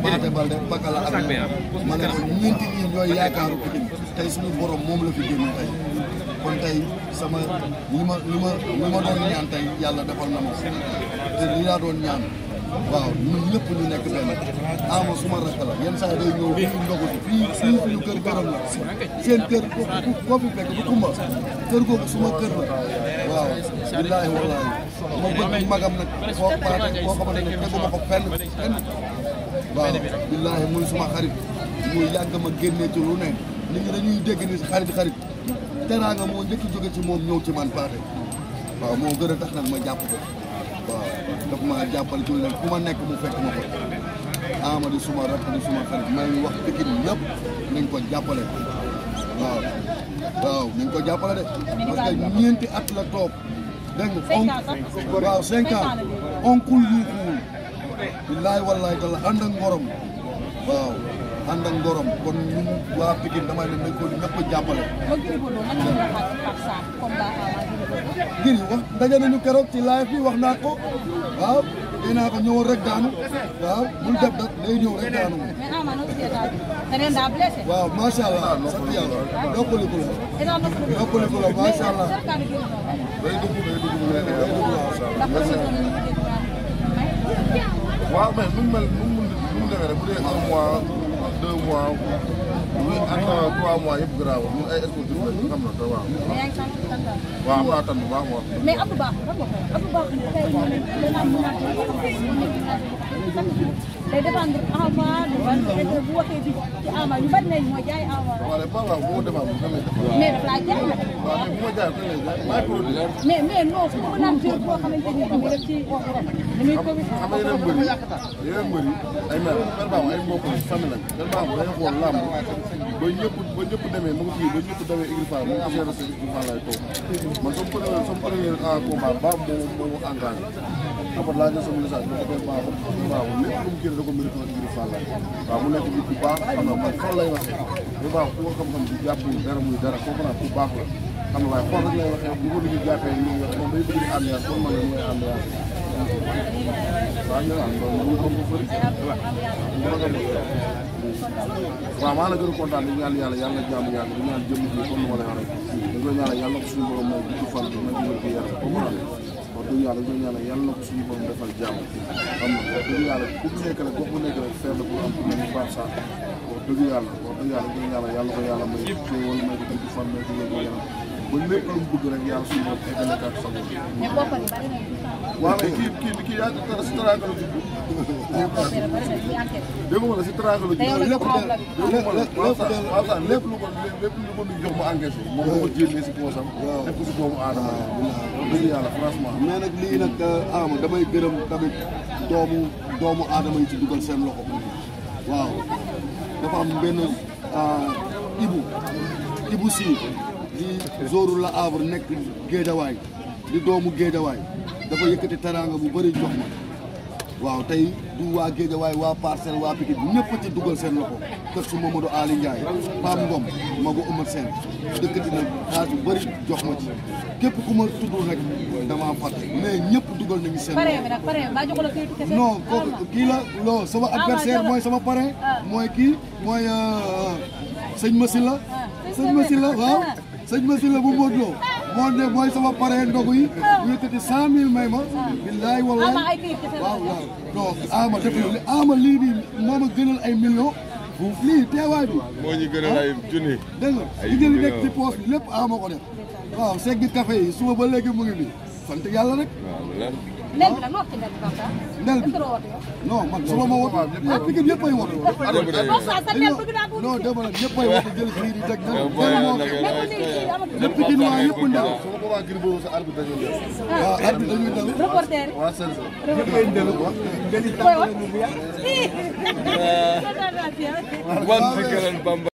Maate Balde Pakala ak ma ne ko ñeenti ñi ñooy yaakaaru Pikine tey suñu borom moom la fi génne tey kon tey sama li ma li ma li ma doon ñaan tey yàlla defal na ma te li laa doon ñaan waaw ñun ñëpp ñu nekk benn ama suma rakk la yenn saa day ñëw fii ndogalu fii fii suñu kër këram la seen kër koo fi fekk du kumba kër googu suma kër la waaw billaahi wallaahi ma bëgg magam nag koo xamante ne teguma ko fenn fenn waaw billaahi muy suma xarit muy yàgg ma génnee ci lu ne nit ñi dañuy dégg ni xarit xarit teraanga moo njëkk jóge ci moom ñëw ci man paate waaw moo gën a tax nag ma jàpp ko waaw daf ma jàppal ci ma nekk mu fekk ma ko Amady may wax Pikine yëpp nañ ko jàppale waaw waaw nañ ko jàppale de parce que ñeenti at la toog dégg nga on waaw cinq onkul yi billaay wallaay dala ànd ak ngorom waaw ànd ak ngorom kon ñun waa Pikine damay ne nañ ko ñëpp a jàppale. ngir wax daje nañu keroog ci live bi wax naa ko waaw nee naa ko ñëwal rek daanu waaw bul def da day ñëw rek daanu waaw macha allah sant yàlla noppaliku la la macha waaw mais bu mu mel bu mu mun demee trois mois yëpp garaaw ñun ay escorte lañu xam na waaw. waaw am naa tànn bu baax moo mais Abdou Ba Abdou Ba tey ñu ne dana am naat day défendre Ama bu waxee bi ci Ama ñu bari nañ moo jaay Ama. waaw ba waaw bu ma défendre xam nga. mais daf laa jaay nag. waaw mais bu ma jaay maa mais mais non su ma naan jël boo xamante ni bii daf ciy wax rek. dañuy ko xam nga yeneen mbër yi yeneen mbër yi ay mère ay mbokk famille lañ. dañ baax day xool làmb ba ñëpp ba ñëpp demee ma ko fii ba ñëpp demee Igri Fall moom affaire sa Igri Fall lay toog man sama premier sama premier combat ba moom moo engagé après laaj na sama message ma ko koy mu da ko mérite woon Igri Fall waaw mu nekk nit bu baax xam nga man fan lay muy dara kooku nag ku baax la xam nga waaye xool rek lay waxee bu ko nit ñi jàppee ñu wax moom day bëgg di ambiance kon man la waaw maa la gën a kontaan di ñaan yàlla yàlla jàmm yàlla di ñaan jëmm ji comme ni ma la waxee rek dañ koy ñaanal yàlla ko suñu borom may gudd fan may wér gu yaram comme ma la wax dëgg yàlla dañ koy ñaanal yàlla na ko suñu borom defal jàmm xam nga wax dëgg yàlla ku nekk rek gox bu nekk rek feebar bu am ku nekk Pape Sarr wax dëgg yàlla wax dëgg yàlla dañ koy ñaanal yàlla ko yàlla may xéewal may ko gudd fan may ko wér gu yaram ba lépp lu mu bëgg rek yàlla suñu bopp eggale ko ak sa bopp. mais bopp yi bari nañu waaw mais kii kii kii yaa ngi si taraaka la judd. dégg nga si taraaka la judd. lépp lépp lu ko lépp lu ko jox mu encaissé. moom moo ko jëlee si poosam. waaw def ko si doomu aadama yi. dëgg yàlla franchement. mais nag lii nag euh, ama damay gërëm tamit doomu doomu aadama yi ci dugal seen loxo. waaw dafa am benn euh, Ibu Ibu Sy. di Zoru la Havre nekk géejawaay di doomu géejawaay dafa yëkkati teraanga bu bëri jox ma waaw tey du waa géejawaay waa parcelle waa Pikine ñëpp ci dugal seen loxo kër su Mamadou Ali Ndiaye Pape Ngom Magu Oumar Sène dëkkati na xaalis bu jox ma ci képp ku ma tudd rek damaa fàtte mais ñëpp dugal nañu seen loxo kooku kii la loo sama ah, adversaire mooy sama parrain ah. mooy kii mooy euh, euh, sëñ Massi la ah, sëñ Massi la waaw sëñ Massiré bu Modou Lo moo ne mooy sama pare ndogu yi ñu yëkkati cent mille may ma billaay wallaay waaw waaw donc ama def li ama lii nii moo ma gënal ay millions lii teewaay bi moo ñu gënal ay junni dégg nga li ngeen nekk ci poos bi lépp ama ko def waaw seggi café yi suba ba léegi mu ngi nii sant yàlla rek nel bi nag noo ci nel bi Kantar. Eh? nel bi non man su ma ma woote. waaw Pikine ñëpp ay woote. non dama ne ñëpp ay woote jël fii di teg nel. lépp Pikine waa ñëpp ndel. waaw arbitre dañuy ah. dal. reporter yi. waaw seen sa. ñëpp ay ndel quoi. koy wax. wan fi gëlën Bamba.